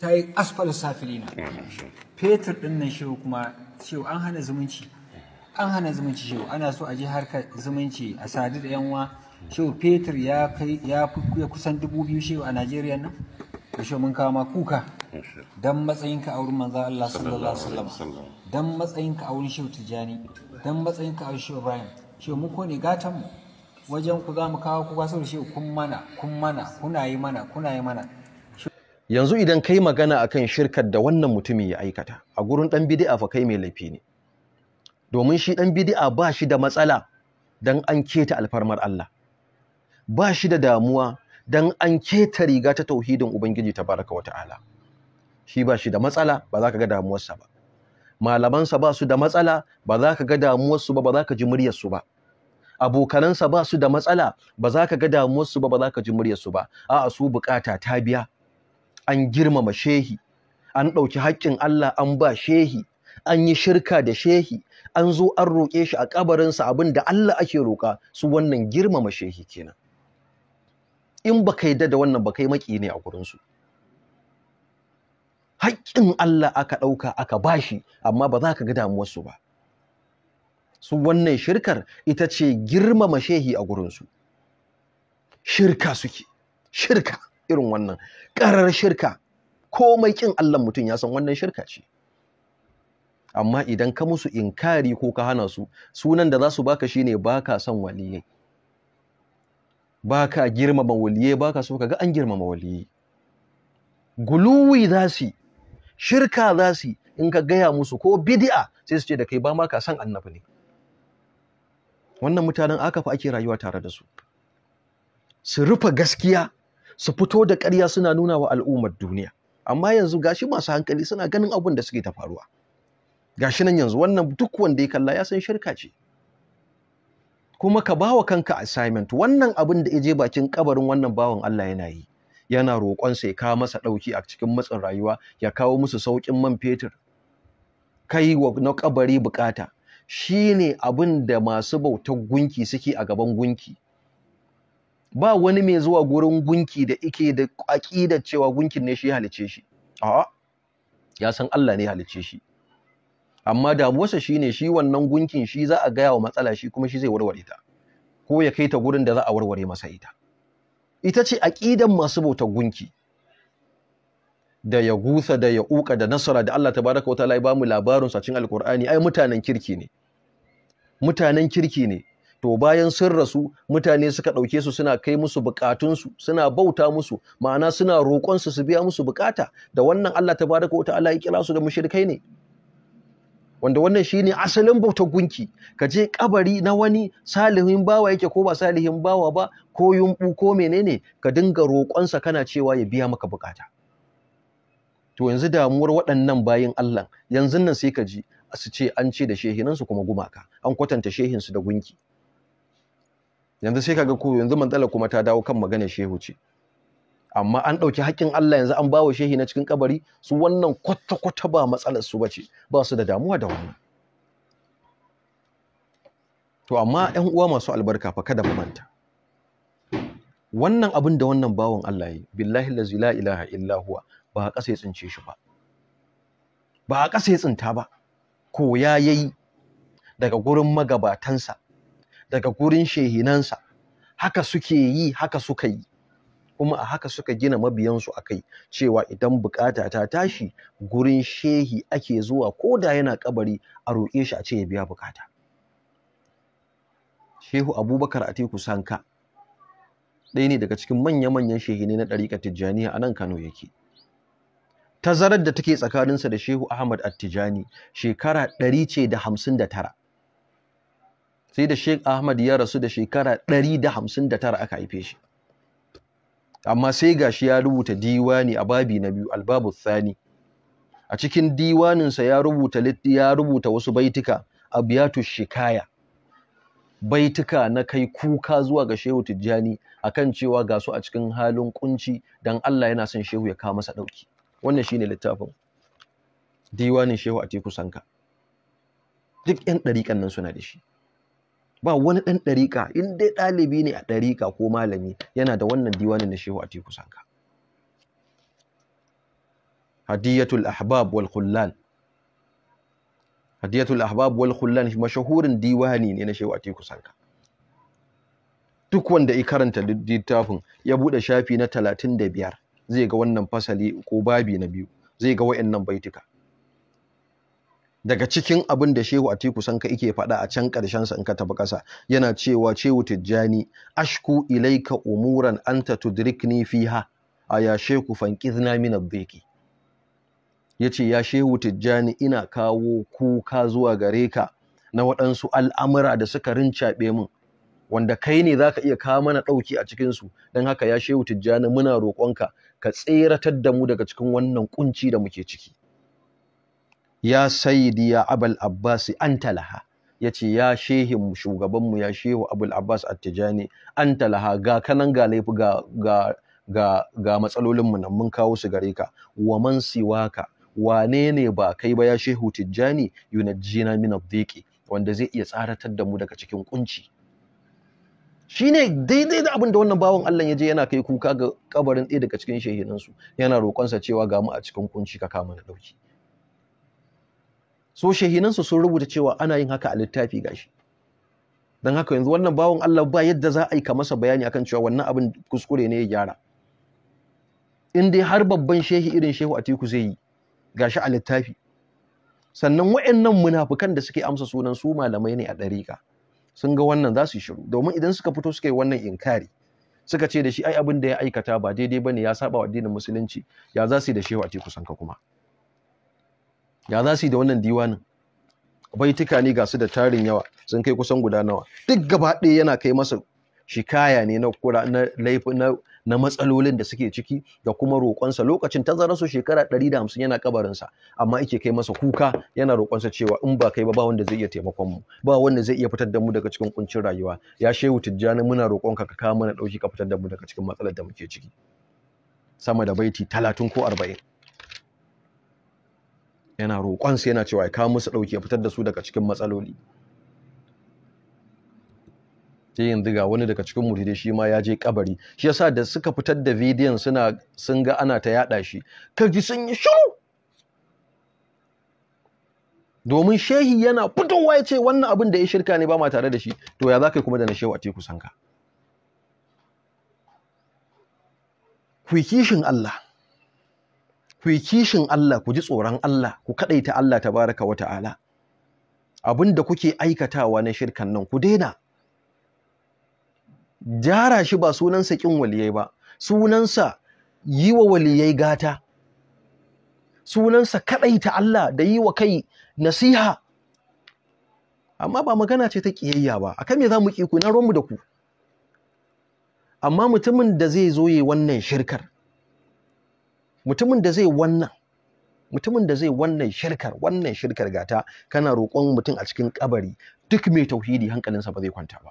ta yi asfal safilina fetur din nan shehu kuma shehu an hana zumunci an hana zumunci shehu ana so a je harkar zumunci a sadu da yanwa shehu fetur ya kai ya kusan dubu biyu shehu a najeriya nan da shehu mun kawo ma kuka dan matsayinka a wurin manzo Allah sallallahu alaihi wasallam dan matsayinka a wurin shehu tijani dan matsayinka a wurin shehu ibrahim shehu mu kone ne gatan mu wajen ku za mu kawo kuka da shehu kun mana kun mana kuna yi mana kuna yi mana yanzu idan kai magana akan shirkar da wannan mutumin ya aikata a gurin ɗan bid'a fa kai mai laifi ne domin shi ɗan bid'a ba shi da matsala dan an keta alfarmar Allah ba shi da damuwa dan an keta riga ta tauhidin ubangiji tabaraka wata'ala shi ba shi da matsala ba za ka ga damuwarsa ba malamansa ba su da matsala ba za ka ga damuwarsu ba ba za ka ji muryarsu ba abokanansa ba su da matsala ba za ka ga damuwarsu ba ba za ka ji muryarsu ba a'a su bukata ta biya an girmama shehi an ɗauki haƙƙin Allah an ba shehi an yi shirka da shehi an zo an roƙe shi a ƙabarinsa abin da Allah ake roƙa su wannan girmama shehi kenan in ba kai da wannan ba kai maƙi ne a gurinsu haƙƙin Allah aka ɗauka aka ba shi amma ba za ka ga damuwarsu ba su wannan shirkar ita ce girmama shehi a gurinsu shirka suke shirka irin wannan ƙarar shirka ko mai kin Allah mutum ya san wannan shirka ce amma idan ka musu inkari ko ka hana su sunan da za su baka shine baka son waliyai baka girmama waliyai baka so kaga an girmama waliyai guluwi za su shirka za su in ka gaya musu ko bid'a sai su ce da kai ba ma ka san annabi ne wannan mutanen aka fa ake rayuwa tare da su su rufe gaskiya su fito da ƙarya suna nuna wa al'ummar duniya amma yanzu gashi masu hankali suna ganin abun da suke ta faruwa gashi nan yanzu wannan duk wanda ya kalla ya san shirka ce kuma ka bawa kanka assignment wannan abin da je bakin kabarin wannan bawan Allah yana yi yana roƙon sai kawo masa ɗauki a cikin matsin rayuwa ya kawo musu saukin man fetur kai wa na kabari bukata shine abin da masu bautar gunki suke a gaban gunki ba wani mai zuwa gurin gunki da ike da aƙidar cewa gunkin ne shi ya halice shi a'a ya san Allah ne ya halice shi amma damuwarsa shine shi wannan gunkin shi za a gaya wa matsala shi kuma shi zai warware ta ko ya kai ta gurin da za a warware masa ita ita ce aqidan masu bauta gunki da ya gusa da ya uka da nasara da Allah tabaraka ta'ala ya bamu labarin sa cikin alqur'ani ai mutanen kirki ne mutanen kirki ne to bayan sun rasu mutane suka ɗauke su suna kai musu bukatunsu suna bauta musu ma'ana suna roƙonsu su biya musu bukata da wannan Allah ta wa ta'ala ya kira su da mushrikai ne wanda wannan shine asalin bauta gunki ka je kabari na wani salihin bawa yake ko ba salihin bawa ba ko yumbu ko menene ka dinga roƙonsa kana cewa ya biya maka bukata to yanzu damuwar waɗannan bayin Allah yanzu nan sai ka ji su ce an ce da shehinansu kuma gumaka an kwatanta shehinsu da gunki yanzu sai kaga ko yanzu matsala kuma ta dawo kan magana shehu ce amma an ɗauki haƙƙin Allah yanzu an bawa shehi na cikin kabari su wannan kwata-kwata ba matsalar su bace ba su da damuwa da wannan to amma ƴan uwa masu albarka fa kada mu manta wannan abin da wannan bawan Allah yi billahi la ilaha illa huwa ba a ƙasa ya tsince shi ba ba a ƙasa ya tsinta ba ko ya yayi daga gurin magabatansa daga gurin shehinansa haka suke yi haka suka yi kuma a haka suka gina mabiyansu a kai cewa idan bukata ta tashi gurin shehi ake zuwa ko da yana kabari a roƙe shi a ce ya biya bukata shehu abubakar atiku sanka ɗaya ne daga cikin manya-manyan shehine na ɗariƙa tijjaniya a nan kano yake tazarar da take tsakaninsa da shehu ahmad attijani shekara ɗari ce da hamsin da tara sai da Sheikh Ahmad ya rasu da shekara 159 aka haife shi amma sai gashi ya rubuta diwani a babi na biyu albabu thani a cikin diwaninsa ya rubuta ya rubuta wasu baituka abiyatu shikaya baituka na kai kuka zuwa ga Shehu Tijjani akan cewa ga su a cikin halin kunci dan Allah yana son Shehu ya kawo masa dauki wannan shine littafin diwanin Shehu Atiku Sanka duk 'yan ɗariƙan nan suna da shi ba wani ɗan ɗariƙa in dai ɗalibi ne a ɗariƙa ko malami yana da wannan diwanin na shehu teku sanka hadiyatul ahbab wal kullal hadiyatul ahbab wal khullan mashahurin diwani ne na shehu a teku sanka duk wanda ya karanta littafin ya buɗe shafi na talatin da biyar, zai ga wannan fasali ko babi na biyu zai ga waɗannan baituka daga cikin abin da shehu atiku ka yake faɗa a can ƙarshen sa in ka tafi ƙasa yana cewa shehu tijjani ashku ilaika umuran anta tudrikni fiha aya shehu fanqidna min ad Ya yace ya shehu tijjani ina kawo kuka zuwa gare ka na waɗansu al'amura da suka rincaɓe min wanda kai ne zaka iya kawo mana ɗauki a cikin su don haka ya shehu tijjani muna roƙonka ka tseratar da mu daga cikin wannan ƙunci da muke ciki ya sayidi ya abul abbas anta laha yace ya shehin shugaban mu ya shehu abul abbas attijani anta laha ga kanan ga laifi ga ga ga ga matsalolin mu nan mun kawo su gare ka wa man siwaka wane ne ba kai ba ya shehu tijjani yunajjina min adhiqi wanda zai iya tsaratar da mu daga cikin kunci shine daidai da abin da wannan bawan Allah ya je yana kai kuka ga kabarin ɗaya daga cikin shehinansu yana roƙonsa cewa ga mu a cikin kunci ka kama na ɗauki so shahinansu sun rubuta cewa ana yin haka a littafi gashi don haka yanzu wannan bawan Allah ba yadda za a yi masa bayani akan cewa wannan abin kuskure ne ya gyara in dai har babban shehi irin shehu a teku zai yi gashi a littafi sannan wa'annan munafukan da suke amsa sunan su malamai ne a dariƙa, sun ga wannan za su yi shiru domin idan suka fito suka yi wannan inkari suka ce da shi ai abin da ya aikata ba daidai bane ya saba wa addinin musulunci ya za su yi da shehu a teku sanka kuma ya za su yi da wannan diwanin baituka ne ga su da tarin yawa sun kai kusan guda nawa duk gaba ɗaya yana kai masa shikaya ne na kura na laifi na na matsalolin da suke ciki da kuma roƙonsa lokacin tazararsu shekara 150 yana kabarinsa amma ike kai masa kuka yana roƙonsa cewa in ba kai ba ba wanda zai iya taimakon mu ba wanda zai iya fitar da mu daga cikin kuncin rayuwa ya shehu tijjani muna roƙonka ka kawo mana ɗauki ka fitar da mu daga cikin matsalar da muke ciki sama da baiti talatin ko arba'in. yana sai yana cewa ya kawo musu ɗauki ya fitar da su daga cikin matsaloli sai yanzu ga wani daga cikin muridai shi ma ya je kabari shi yasa da suka fitar da bidiyon suna sun ga ana ta yada shi kaji sun yi shiru domin shehi yana fitowa ya ce wannan abin da ya shirka ne ba ma tare da shi to ya za ka kuma da na shewa a teku sanka ku kishin Allah ku yi kishin Allah ku ji tsoron Allah ku kadaita Allah tabaraka wa ta'ala abinda kuke aikatawa na shirkan nan ku daina jara shi ba sunansa kin waliyai ba sunansa yi wa waliyai gata sunansa kadaita Allah da yi wa kai nasiha amma ba magana ce ta ƙiyayya ba akan me za mu ki ku na ruwanmu da ku amma mutumin da zai zo wannan shirkar mutumin da zai wannan mutumin da zai wannan shirkar wannan shirkar gata kana roƙon mutum a cikin kabari duk mai tauhidi hankalinsa ba zai kwanta ba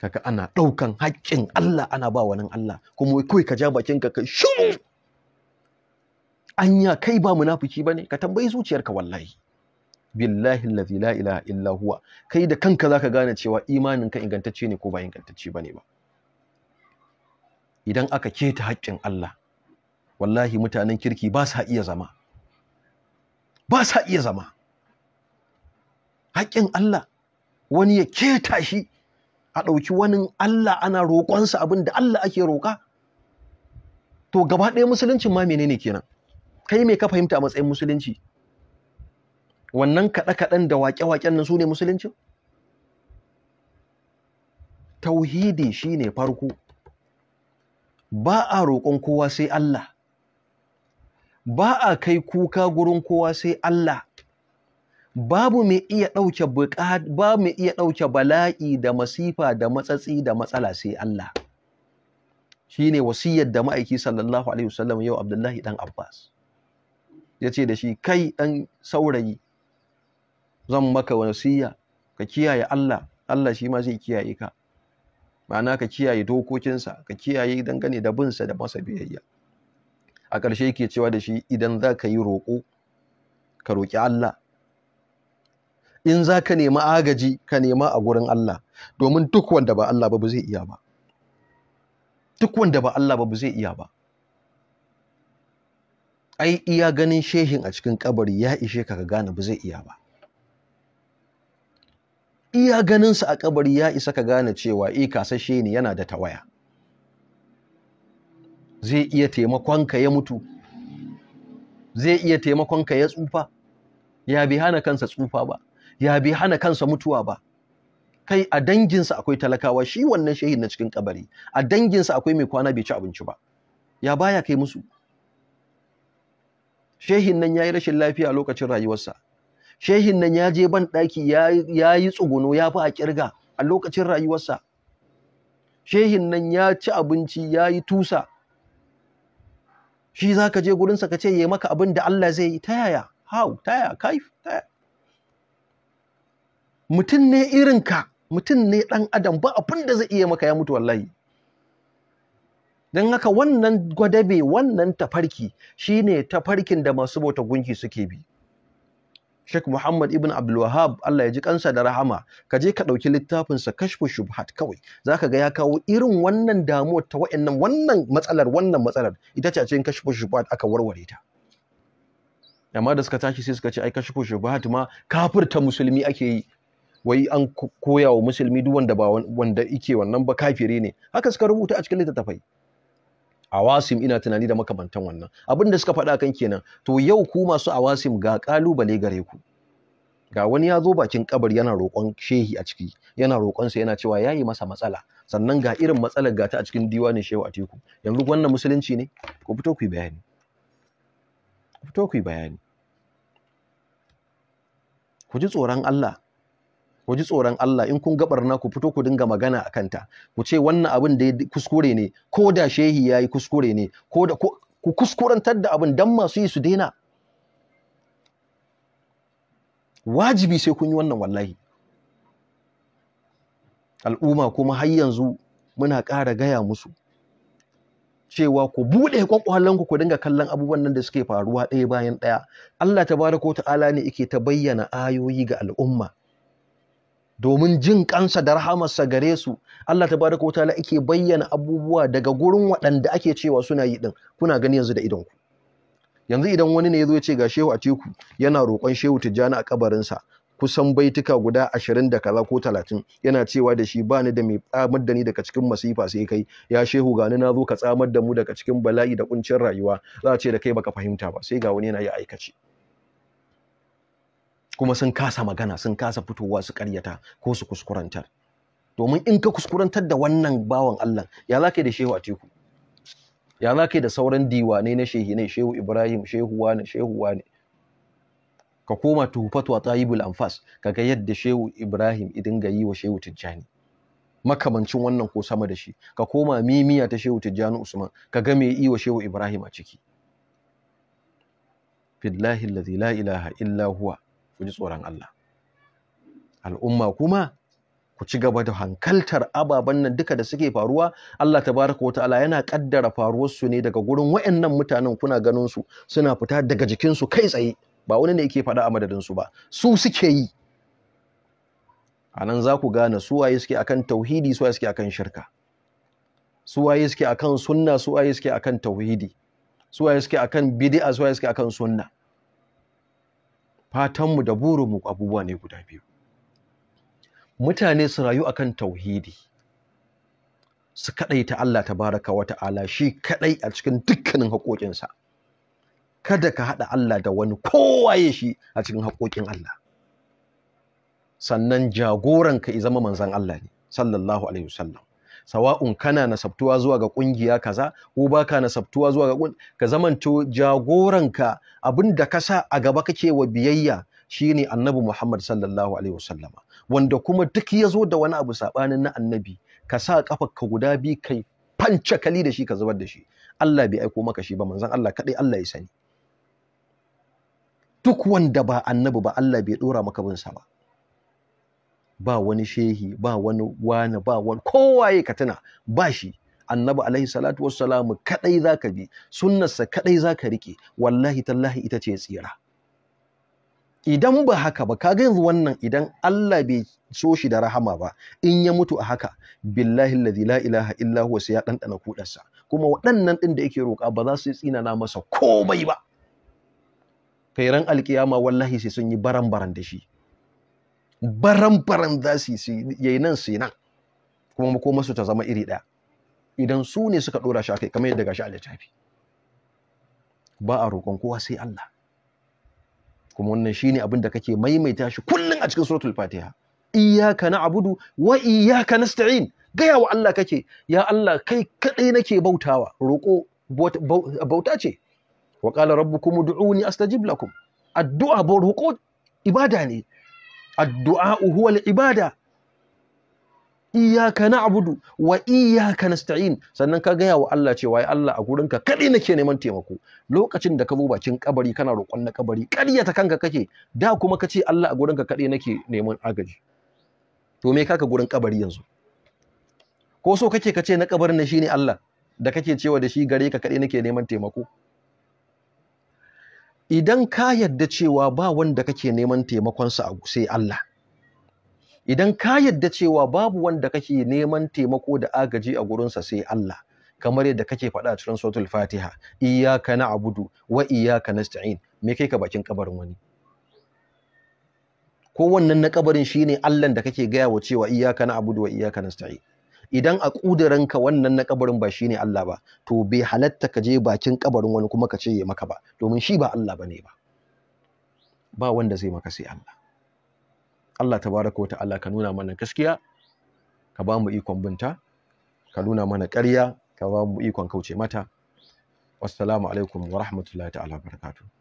Kaka ana ɗaukan haƙƙin Allah ana ba wani Allah kuma kai ka ja bakin ka anya kai ba munafiki bane ka tambayi zuciyarka wallahi billahi allazi la ilaha illa huwa kai da kanka zaka gane cewa imanin ka ingantacce ne ko ba ingantacce bane ba idan aka keta haƙƙin Allah wallahi mutanen kirki ba sa iya zama ba sa iya zama haƙƙin Allah wani ya keta shi a ɗauki wani Allah ana roƙonsa abin da Allah ake roƙa to gaba ɗaya musuluncin ma menene kenan kai me ka fahimta a matsayin musulunci wannan kaɗe-kaɗen da waƙe-waƙen nan su ne musuluncin tauhidi shi ne farko ba a roƙon kowa sai Allah ba a kai kuka gurin kowa sai Allah babu mai iya ɗauke babu mai iya ɗauke bala'i da masifa da matsatsi da matsala sai Allah shine wasiyar da ma'aiki sallallahu alaihi wasallam yau Abdullahi dan Abbas yace da shi kai dan saurayi zan maka wasiya ka kiyaye Allah Allah shi ma zai kiyaye ka ma'ana ka kiyaye dokokinsa ka kiyaye dangane da binsa da masa biyayya a ƙarshe yake cewa da shi idan za ka yi roƙo ka roƙi Allah in za ka nema agaji ka nema a gurin Allah domin duk wanda ba Allah ba ba zai iya ba duk wanda ba Allah ba ba zai iya ba ai iya ganin shehin a cikin kabari ya ishe ka ka gane ba zai iya ba iya ganinsa a kabari ya isa ka gane cewa e kasashe ni yana da tawaya zai iya taimakonka ya mutu zai iya taimakonka ya tsufa ya bi hana kansa tsufa ba ya bi hana kansa mutuwa ba kai a danginsa akwai talakawa shi wannan shehin na cikin kabari a danginsa akwai mai kwana bai ci abinci ba ya baya kai musu shehin nan ya yi rashin lafiya lokacin rayuwarsa shehin nan ya je ban ɗaki ya yi tsuguno ya fi a kirga a lokacin rayuwarsa shehin nan ya ci abinci ya yi tusa shi za ka je gurinsa ka ce ya maka abin da Allah zai yi ta yaya Hau, ta yaya kaif ta yaya mutum ne irinka mutum ne ɗan adam ba abin da zai iya maka ya mutu wallahi don haka wannan gwadabe wannan tafarki shine tafarkin da masu bauta gunki suke bi Sheikh Muhammad ibn Abdul Wahhab Allah ya ji kansa da rahama ka je ka dauki littafin sa Kashfu Shubhat kawai zaka ga ya kawo irin wannan damuwar ta wayannan wannan matsalar wannan matsalar ita ce a cikin Kashfu Shubhat aka warware ta amma da suka tashi sai suka ce ai Kashfu Shubhat ma ta musulmi ake yi wai an koya wa musulmi duk wanda ba wanda yake wannan ba kafiri ne haka suka rubuta a cikin littattafai awasim ina tunani da makamantan wannan abin da suka faɗa kan kenan to yau ku masu awasim ga kalubale gare ku ga wani ya zo bakin kabar yana roƙon shehi a ciki yana roƙon sa yana cewa yayi masa matsala sannan ga irin matsalar gata a cikin diwanin shehu a teku yanzu wannan musulunci ne ku fito ku yi bayani ku fito ku yi bayani ku ji tsoron Allah ku ji tsoron Allah in kun ga barna ku fito ku dinga magana a kanta ku ce wannan abin da kuskure ne ko da shehi ya yi kuskure ne ko da ku kuskurantar da abin dan masu yi su daina wajibi sai kun yi wannan wallahi al'umma kuma har yanzu muna ƙara gaya musu cewa ku buɗe ƙwaƙwalanku ku dinga kallon abubuwan nan da suke faruwa ɗaya bayan ɗaya Allah tabaraka ta'ala ne yake ta bayyana ayoyi ga al'umma domin jin kansa da rahamarsa gare su Allah ta tabaraka wata yake bayyana abubuwa daga gurin waɗanda ake cewa suna yi din kuna gani yanzu da ku. yanzu idan wani ne ya zo ya ce ga shehu a teku yana roƙon shehu tijjani a kabarinsa kusan baituka guda ashirin da kaza ko talatin yana cewa da shi bani da mai tsamar da ni daga cikin masifa sai kai ya shehu gani na zo ka tsamar da mu daga cikin bala'i da kuncin rayuwa za a ce da kai baka fahimta ba sai ga wani yana yi aikace kuma sun kasa magana sun kasa fitowa su karyata ko su kuskurantar domin in ka kuskurantar da wannan bawan Allah ya za da shehu a teku ya za da sauran diwanai na shehi ne shehu ibrahim shehu wane shehu wane ka koma tuhufatu a tsayibul anfas ka ga yadda shehu ibrahim idan ga yi wa shehu tijjani makamancin wannan ko sama da shi ka koma mimiya ta shehu tijjani usman ka ga me yi shehu ibrahim a ciki billahi allazi la ilaha illa ku ji tsoron Allah al'umma kuma ku ci gaba da hankaltar ababen nan duka da suke faruwa Allah tabaraka wa ta'ala yana kaddara faruwar su ne daga gurin wayannan mutanen kuna ganin su suna fita daga jikin su kai tsaye ba wani ne yake faɗa a madadin su ba su suke yi anan za ku gane su waye suke akan tauhidi su waye suke akan shirka su waye suke akan sunna su waye suke akan tauhidi su waye suke akan bid'a su waye suke akan sunna fatanmu da burinmu abubuwa ne guda biyu mutane su rayu a kan tauhidi su kaɗai ta Allah ta baraka wa ta'ala shi kaɗai a cikin dukkanin haƙoƙinsa kada ka haɗa Allah da wani kowaye shi a cikin haƙoƙin Allah sannan jagoranka ya zama manzan Allah ne sallallahu alaihi wasallam sawa'un kana nasabtuwa zuwa ga kungiya kaza ko baka nasabtuwa zuwa ga ka zamanto jagoranka abinda ka sa a gaba kake wa biyayya shine annabi Muhammad sallallahu alaihi wasallama wanda kuma duk ya zo da wani abu sabanin na annabi ka sa ka guda bi kai fancakali da shi ka zubar da shi Allah bai aiko maka shi ba manzon Allah kadai Allah ya sani duk wanda ba annabi ba Allah bai dora maka bin sa ba ba wani shehi ba wani wani ba wani kowaye ka tuna ba shi annabi alaihi salatu wassalamu kadai zaka bi sunnarsa kadai zaka rike wallahi tallahi ita ce tsira idan ba haka ba kaga yanzu wannan idan Allah bai so shi da rahama ba in ya mutu a haka billahi allazi la ilaha illa huwa sai ya dandana kudarsa kuma waɗannan din da yake roƙa ba za su tsinana masa komai ba kairan alkiyama wallahi sai sun yi baran baran da shi baran-baran za su yi nan su yi nan kuma makomarsu ta zama iri ɗaya idan su ne suka ɗora shi a kai kamar yadda gashi a littafi ba a roƙon kowa sai Allah kuma wannan shine abin da kake maimaita shi kullum a cikin suratul fatiha iyyaka na'budu wa iyyaka nasta'in gaya wa Allah kake ya Allah kai kadai nake bautawa roƙo bauta ce wa qala rabbukum ud'uni astajib lakum addu'a roƙo ibada ne addu'a huwal ibada iyaka na'budu wa iyaka nasta'in sannan ka gaya wa Allah cewa ya Allah a gurinka kadai nake neman taimako lokacin da ka zo bakin kabari kana roƙon na kabari ta kanka kake da kuma kace Allah a gurinka kadai nake neman agaji to me kaka gurin kabari yanzu ko so kake kace na kabarin ne shine Allah da kake cewa da shi gare ka kadai nake neman taimako idan ka yadda cewa ba wanda kake neman taimakonsa a sai Allah idan ka yadda cewa babu wanda kake neman taimako da agaji a gurinsa sai Allah kamar yadda kake faɗa a cikin suratul Fatiha iyyaka na'budu wa iyyaka nasta'in me kai ka bakin kabarin wani ko wannan na kabarin shine Allah da kake gaya wa cewa iyyaka na'budu wa iyyaka nasta'in idan a ƙudurinka wannan na kabarin ba shi ne Allah ba to bai halatta ka je bakin kabarin wani kuma ka ce ya maka ba domin shi ba Allah bane ba ba wanda zai maka sai Allah Allah baraka wa ta'ala ka nuna mana gaskiya ka ba mu ikon binta ka nuna mana ƙarya ka ba mu ikon kauce mata wassalamu alaikum wa rahmatullahi ta'ala barakatuh